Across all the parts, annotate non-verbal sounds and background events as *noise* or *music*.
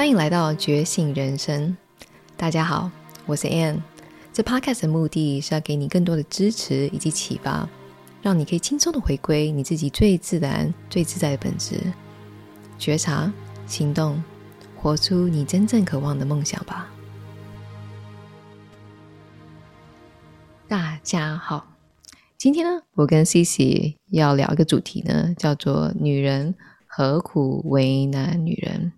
歡迎來到覺醒人生。大家好，我是 Ann。這 Podcast 的目的是要給你更多的支持以及啟發，讓你可以輕鬆的回歸你自己最自然、最自在的本質，覺察、行動，活出你真正渴望的夢想吧。大家好，今天呢，我跟 Cici 要聊一個主題呢，叫做“女人何苦為難女人”。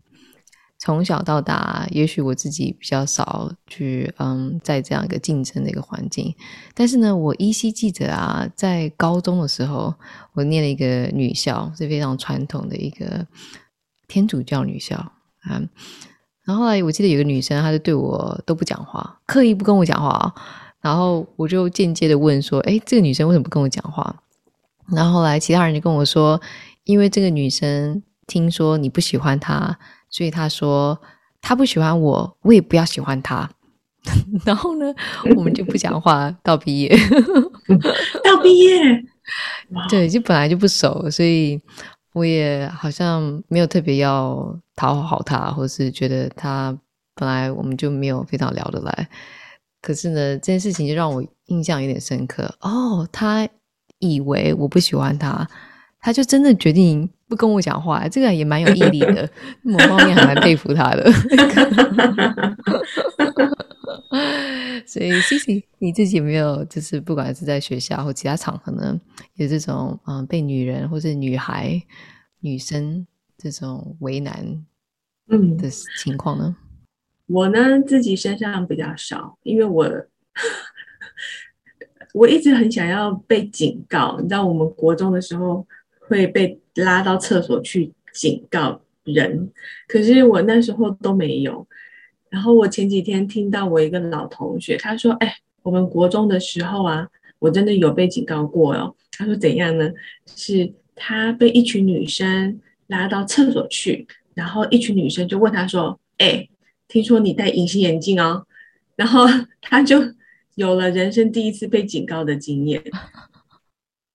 從小到大，也許我自己比較少去，嗯，在這樣一個競爭的一個環境，但是呢，我依稀記得啊，在高中的時候，我念了一個女校，是非常傳統的一個天主教女校啊，嗯。然後後來，我記得有個女生，她就對我都不講話，刻意不跟我講話啊。然後我就間接的問說：“哎，這個女生為什麼不跟我講話？”然後後來其他人就跟我說：“因為這個女生聽說你不喜歡她。”所以他說他不喜歡我，我也不要喜歡他。 *laughs* 然後呢，我們就不講話到畢業， *laughs* 到畢業。 *laughs* 對，就本來就不熟，所以我也好像沒有特別要討好他，或是覺得他本來我們就沒有非常聊得來。可是呢，這件事情就讓我印象有點深刻。哦，他以為我不喜歡他。他就真的決定不跟我講話，啊，這個也蠻有毅力的，某 *laughs* 方面還蠻佩服他的。 *laughs* *laughs* 所以，西西，你自己有沒有就是不管是在學校或其他場合呢，有這種嗯被女人或是女孩、女生這種為難嗯的情況呢，嗯？我呢自己身上比較少，因為我我一直很想要被警告，你知道，我們國中的時候。會被拉到廁所去警告人，可是我那時候都沒有。然後我前幾天聽到我一個老同學，他說：“哎、欸，我們國中的時候啊，我真的有被警告過哦。”他說：“怎樣呢？就是他被一群女生拉到廁所去，然後一群女生就問他說：‘哎、欸，聽說你戴隱形眼鏡哦？’然後他就有了人生第一次被警告的經驗，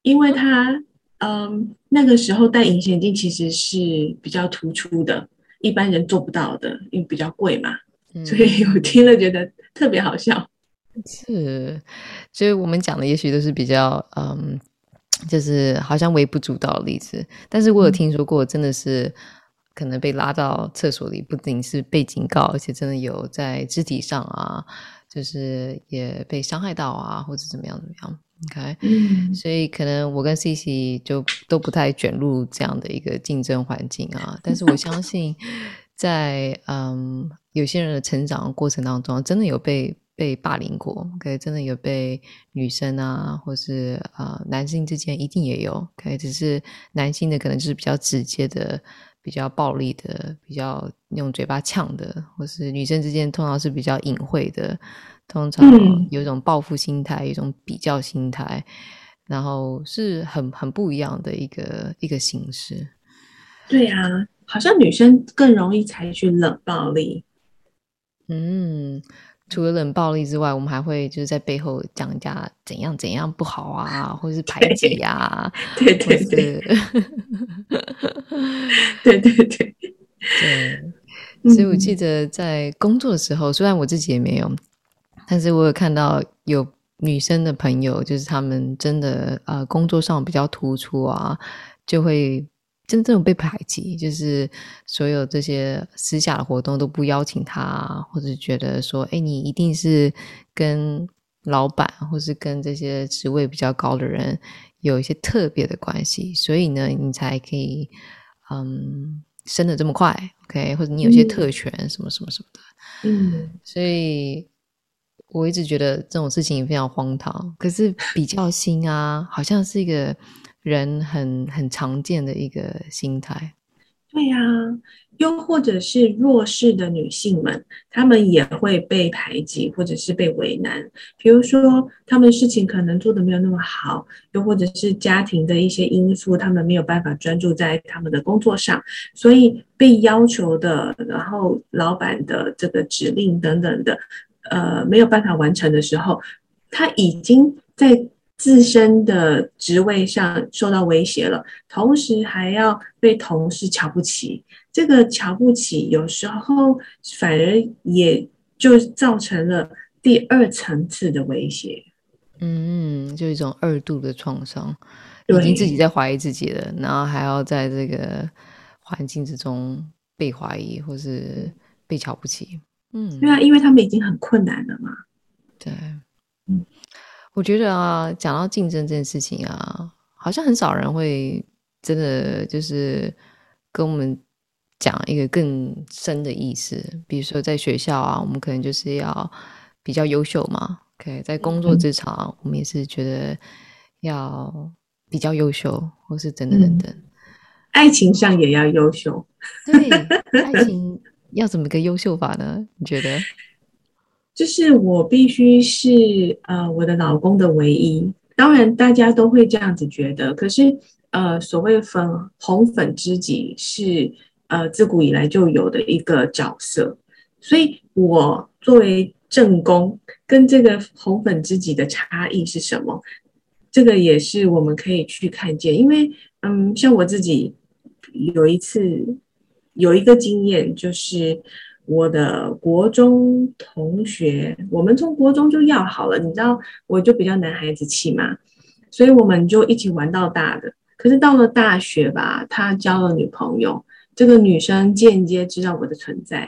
因為他。”嗯，um, 那個時候戴隱形眼鏡其實是比較突出的，一般人做不到的，因為比較貴嘛。嗯、所以我聽了覺得特別好笑。是，所以我們講的也許都是比較嗯，就是好像微不足道的例子。但是我有聽說過，真的是可能被拉到廁所裡，不僅是被警告，而且真的有在肢體上啊。就是也被傷害到啊，或者怎麼樣怎麼樣，OK，、mm hmm. 所以可能我跟 Cici 就都不太捲入這樣的一個競爭環境啊。但是我相信在， *laughs* 在嗯有些人的成長過程當中，真的有被被霸凌過，OK，真的有被女生啊，或是啊、呃、男性之間一定也有，OK，只是男性的可能就是比較直接的。比較暴力的，比較用嘴巴嗆的，或是女生之間通常是比較隱晦的，通常有一種報復心態，一、嗯、種比較心態，然後是很很不一樣的一個一個形式。對呀、啊，好像女生更容易採取冷暴力。嗯。除了冷暴力之外，我們還會就是在背後講人家怎樣怎樣不好啊，或者是排擠呀、啊，對對對，對對對，對。所以我記得在工作的時候，嗯、雖然我自己也沒有，但是我有看到有女生的朋友，就是他們真的啊、呃，工作上比較突出啊，就會。真正被排擠，就是所有這些私下的活動都不邀請他，或者覺得說，哎，你一定是跟老闆，或是跟這些職位比較高的人有一些特別的關係，所以呢，你才可以嗯升的這麼快，OK？或者你有些特權，嗯、什麼什麼什麼的，嗯，所以我一直覺得這種事情也非常荒唐。可是比較新啊， *laughs* 好像是一個。人很很常見的一個心態，對呀、啊，又或者是弱勢的女性們，她們也會被排擠，或者是被為難。比如說，她們事情可能做得沒有那麼好，又或者是家庭的一些因素，她們沒有辦法專注在她們的工作上，所以被要求的，然後老闆的這個指令等等的，呃，沒有辦法完成的時候，她已經在。自身的職位上受到威脅了，同時還要被同事瞧不起。這個瞧不起有時候反而也就造成了第二層次的威脅。嗯，就一種二度的創傷，對已經自己在懷疑自己了，然後還要在這個環境之中被懷疑或是被瞧不起。嗯，對啊，因為他們已經很困難了嘛。對，嗯。我覺得啊，講到競爭這件事情啊，好像很少人會真的就是跟我們講一個更深的意思。比如說，在學校啊，我們可能就是要比較優秀嘛。OK，在工作職場，我們也是覺得要比較優秀，嗯、或是等等等等。嗯、愛情上也要優秀， *laughs* 對，愛情要怎麼個優秀法呢？你覺得？這是我必須是呃我的老公的唯一，當然大家都會這樣子覺得。可是呃所謂粉紅粉知己是呃自古以來就有的一個角色，所以我作為正宮跟這個紅粉知己的差異是什麼？這個也是我們可以去看見。因為嗯，像我自己有一次有一個經驗就是。我的國中同學，我們從國中就要好了，你知道，我就比較男孩子氣嘛，所以我們就一起玩到大的。可是到了大學吧，他交了女朋友，這個女生間接知道我的存在，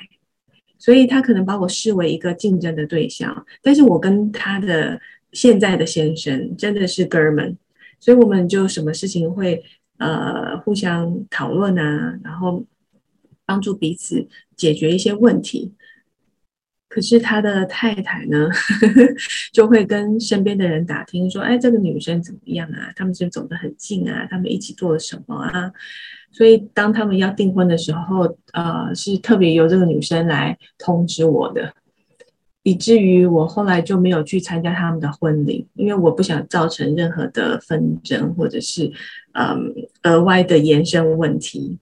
所以他可能把我視為一個競爭的對象。但是我跟他的現在的先生真的是哥們，所以我們就什麼事情會呃互相討論啊，然後。幫助彼此解決一些問題，可是他的太太呢，呵呵，就會跟身邊的人打聽說：“哎，這個女生怎麼樣啊？他們是走得很近啊？他們一起做了什麼啊？”所以當他們要訂婚的時候，呃，是特別由這個女生來通知我的，以至於我後來就沒有去參加他們的婚禮，因為我不想造成任何的紛爭，或者是嗯額外的延伸問題。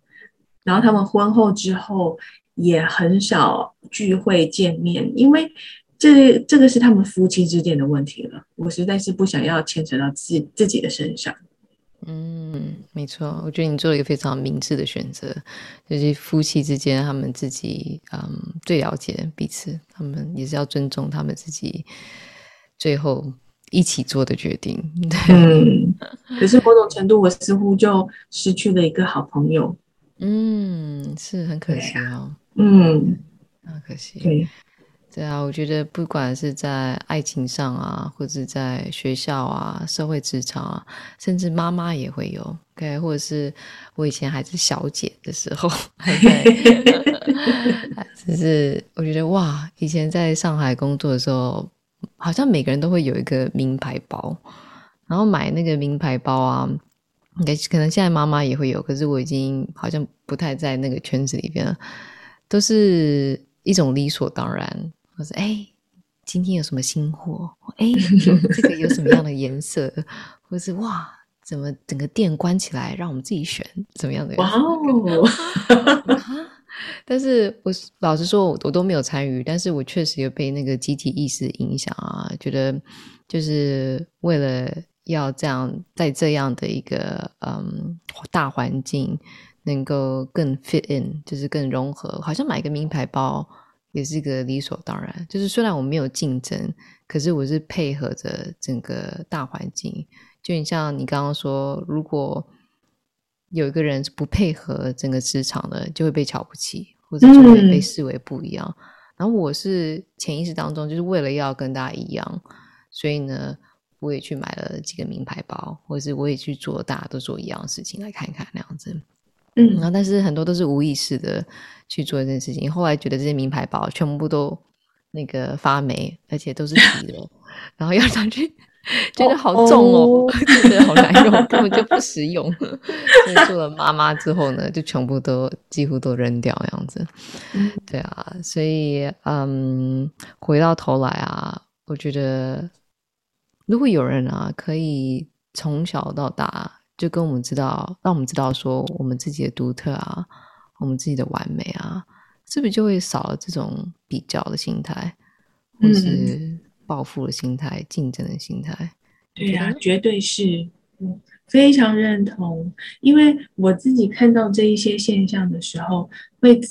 然後他們婚後之後也很少聚會見面，因為這這個是他們夫妻之間的問題了。我實在是不想要牽扯到自自己的身上。嗯，沒錯，我覺得你做了一個非常明智的選擇，就是夫妻之間他們自己嗯最了解彼此，他們也是要尊重他們自己最後一起做的決定。對。嗯，可是某種程度，我似乎就失去了一個好朋友。嗯，是很可惜哦。嗯，很可惜。對，Okay. 對啊，我覺得不管是在愛情上啊，或者是在學校啊、社會職場啊，甚至媽媽也會有。對、okay? 或者是我以前還是小姐的時候，就 Okay. *laughs* *laughs* 是我覺得哇，以前在上海工作的時候，好像每個人都會有一個名牌包，然後買那個名牌包啊。應可能現在媽媽也會有，可是我已經好像不太在那個圈子裡邊了。都是一種理所當然，我說哎、欸，今天有什麼新貨？哎、欸，這個有什麼樣的顏色？ *laughs* 或是哇，怎麼整個店關起來，讓我們自己選怎麼樣的，麼樣的？哇哦 Wow！ *laughs* 但是，我老實說，我我都沒有參與，但是我確實有被那個集體意識影響啊，覺得就是為了。要這樣，在這樣的一個嗯大環境，能夠更 fit in，就是更融合。好像買一個名牌包也是一個理所當然。就是雖然我沒有競爭，可是我是配合着整個大環境。就你像你剛剛說，如果有一個人是不配合整個職場的，就會被瞧不起，或者就會被視為不一樣。嗯、然後我是潛意識當中就是為了要跟大家一樣，所以呢。我也去買了幾個名牌包，或者是我也去做大家都做一樣的事情，來看看那樣子。嗯，然後但是很多都是無意識的去做這件事情。後來覺得這些名牌包全部都那個發霉，而且都是濕的， *laughs* 然後要上去覺得好重哦，真的，哦哦、好難用，根 *laughs* 本就不實用。所以做了媽媽之後呢，就全部都幾乎都扔掉這樣子。嗯、對啊，所以嗯，回到頭來啊，我覺得。如果有人啊，可以從小到大就跟我們知道，讓我們知道說我們自己的獨特啊，我們自己的完美啊，是不是就會少了這種比較的心態，或是抱負的心態、嗯、競爭的心態？對啊，絕對是，我非常認同。因為我自己看到這一些現象的時候，會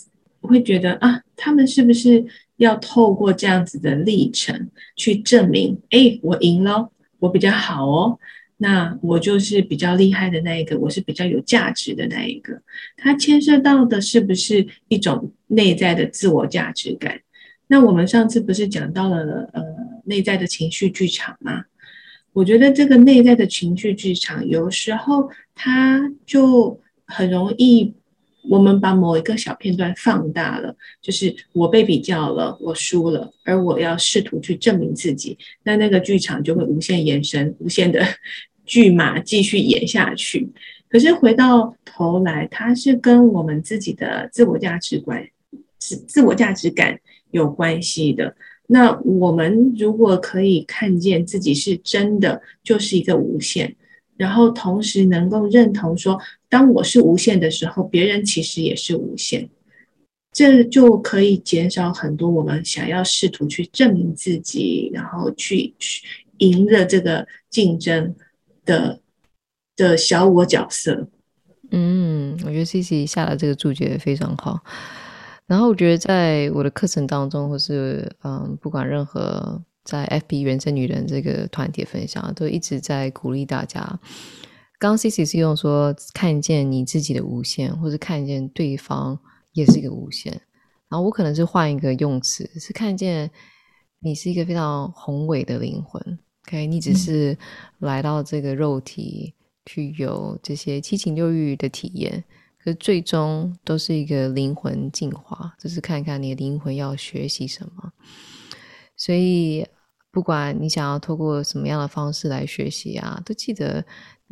我會覺得啊，他們是不是？要透過這樣子的歷程去證明，哎，我贏咯，我比較好哦，那我就是比較厲害的那一個，我是比較有價值的那一個。它牽涉到的是不是一種內在的自我價值感？那我們上次不是講到了呃內在的情緒劇場嗎？我覺得這個內在的情緒劇場有時候它就很容易。我們把某一個小片段放大了，就是我被比較了，我輸了，而我要試圖去證明自己，那那個劇場就會無限延伸，無限的劇碼繼續演下去。可是回到頭來，它是跟我們自己的自我價值觀、自自我價值感有關係的。那我們如果可以看見自己是真的，就是一個無限，然後同時能夠認同說，當我是無限的時候，別人其實也是無限，這就可以減少很多我們想要試圖去證明自己，然後去，去贏得這個競爭的的小我角色。嗯，我覺得 Cici 下了這個注解非常好。然後我覺得在我的課程當中，或是嗯，不管任何在 FB 原生女人這個團體分享，都一直在鼓勵大家。剛剛 C C 是用說看見你自己的無限，或是看見對方也是一個無限。嗯、然後我可能是換一個用詞，是看見你是一個非常宏偉的靈魂。OK，你只是來到這個肉體去有這些七情六欲的體驗，可是最終都是一個靈魂進化，就是看看你的靈魂要學習什麼。所以，不管你想要透過什麼樣的方式來學習啊，都記得。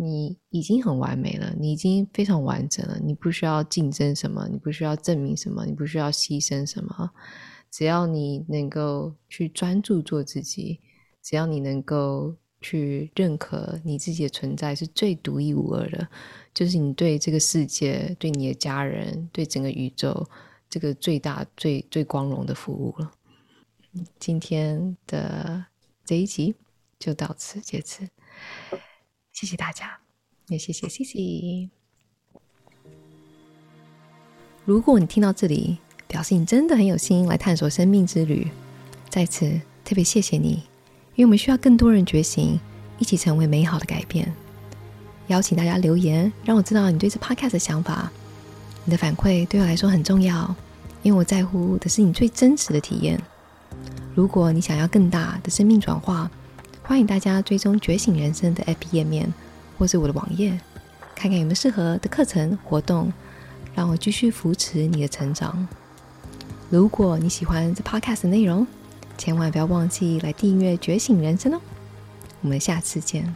你已經很完美了，你已經非常完整了，你不需要競爭什麼，你不需要證明什麼，你不需要犧牲什麼，只要你能夠去專注做自己，只要你能夠去認可你自己的存在是最獨一無二的，就是你對這個世界、對你的家人、對整個宇宙這個最大、最最光榮的服務了。今天的這一集就到此結束。謝謝大家，也謝謝謝謝。如果你聽到這裡，表示你真的很有心來探索生命之旅，在此特別謝謝你，因為我們需要更多人覺醒，一起成為美好的改變。邀請大家留言，讓我知道你對這 podcast 的想法，你的反饋對我來說很重要，因為我在乎的是你最真實的體驗。如果你想要更大的生命轉化，歡迎大家追蹤《覺醒人生》的 App 頁面，或是我的網頁，看看有沒有適合的課程活動，讓我繼續扶持你的成長。如果你喜歡這 Podcast 的內容，千萬不要忘記來訂閱《覺醒人生》哦！我們下次見。